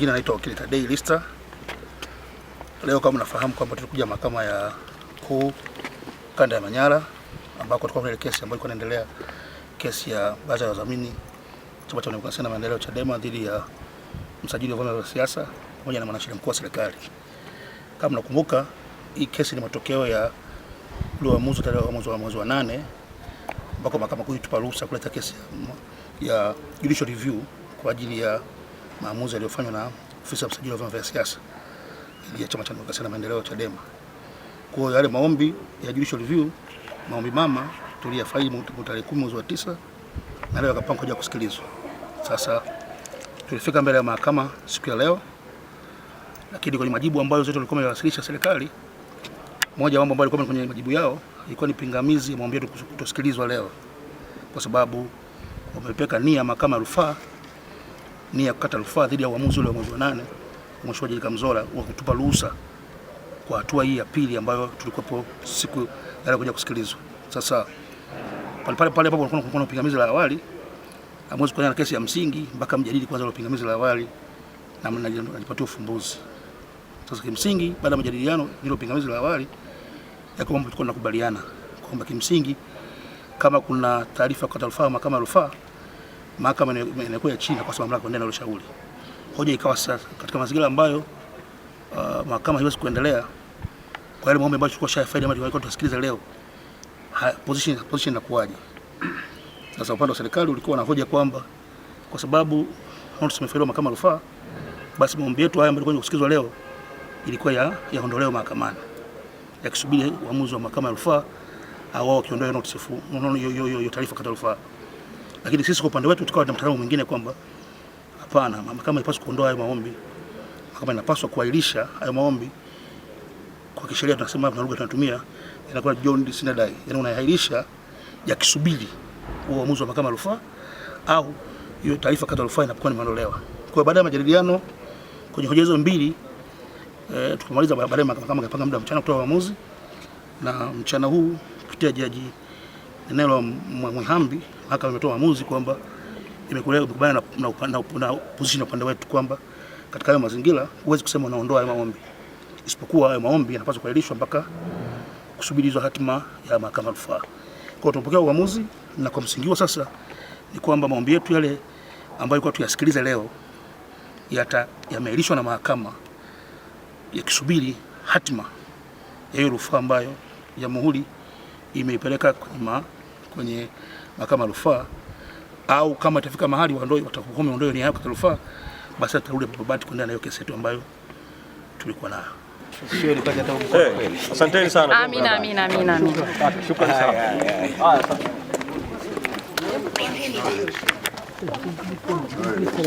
Jina naitwa wakili Tadei Lister. Leo kama mnafahamu kwamba tulikuja mahakama ya kuu kanda ya Manyara ambako tulikuwa na kesi ambayo ilikuwa inaendelea, kesi ya baraza la wadhamini chama cha demokrasia na maendeleo Chadema dhidi ya msajili wa vyama vya siasa pamoja na mwanasheria mkuu wa serikali. Kama mnakumbuka, hii kesi ni matokeo ya ule uamuzi tarehe mwezi wa mwezi wa nane ambako mahakama kuu ilitupa ruhusa kuleta kesi ya judicial review kwa ajili ya maamuzi yaliyofanywa na ofisi ya msajili wa vyama vya siasa ya Chama cha Demokrasia na Maendeleo Chadema. Kwa hiyo yale maombi ya judicial review, maombi mama tuliyafaili tarehe 10 mwezi wa 9 na leo yakapangwa kuja kusikilizwa. Sasa tulifika mbele ya mahakama siku ya leo, lakini kwenye majibu ambayo zote tulikuwa tumewasilisha serikali, moja ya mambo ambayo ilikuwa kwenye majibu yao ilikuwa ni pingamizi ya maombi yetu kutosikilizwa leo, kwa sababu wamepeka nia mahakama ya rufaa nia ya kukata rufaa dhidi ya uamuzi ule wa mwezi wa nane Mheshimiwa Jaji Kamzola wa kutupa ruhusa kwa hatua hii ya pili ambayo tulikuwepo siku ya kuja kusikilizwa. Sasa pale pale pale ambapo kuna pingamizi la awali, hamwezi kuanza na kesi ya msingi mpaka mjadili kwanza ile pingamizi la awali na mnajipatia ufumbuzi. Sasa kimsingi, baada ya majadiliano, ile pingamizi la awali ya kwamba tulikuwa tunakubaliana kwamba kimsingi kama kuna taarifa kwa rufaa mahakama ya rufaa mahakama inakuwa ya chini kwa sababu mamlaka kuendelea na shauri. Hoja ikawa sasa katika mazingira ambayo uh, mahakama haiwezi kuendelea kwa yale maombi ambayo tulikuwa shafaidi ambayo tulikuwa tunasikiliza leo. Ha, position position inakuwaje? Sasa upande wa serikali ulikuwa na hoja kwamba kwa sababu notice imefailiwa mahakama rufaa, basi maombi yetu haya ambayo tulikuwa kusikizwa leo ilikuwa ya yaondolewa mahakamani yakisubiri uamuzi wa mahakama ya rufaa au wakiondoa hiyo taarifa kata rufaa. Lakini sisi kwa upande wetu tukawa na mtazamo mwingine kwamba hapana, mahakama inapaswa kuondoa hayo maombi, mahakama inapaswa kuahirisha hayo maombi. Kwa kisheria tunasema, na lugha tunatumia inakuwa John sina yani unaahirisha yakisubiri uamuzi wa mahakama ya rufaa au hiyo taarifa kata rufaa inapokuwa imeondolewa. Kwa baada ya majadiliano kwenye hoja hizo mbili e, eh, tukamaliza baadaye, mahakama ikapanga muda mchana kutoa uamuzi, na mchana huu kupitia jaji eneo la Mwihambi mahakama imetoa maamuzi kwamba imekubaliana na na, na, position upande wetu kwamba katika hayo mazingira huwezi kusema unaondoa hayo maombi, isipokuwa hayo maombi yanapaswa kuahirishwa mpaka kusubiri hatima ya mahakama ya rufaa. Kwa hiyo tumepokea uamuzi, na kwa msingi huo sasa ni kwamba maombi yetu yale ambayo kwa tuyasikilize leo yata yameahirishwa na mahakama yakisubiri hatima ya hiyo rufaa ambayo jamhuri imeipeleka kwenye kwenye mahakama ya rufaa au kama itafika mahali waondoe watakukome ondoe ni hapo rufaa, basi atarudi Babati kwenda na hiyo kesi yetu ambayo tulikuwa nayo. Eh, asanteni sana. Amina, amina, amina, amina. Shukrani sana. Haya, asante.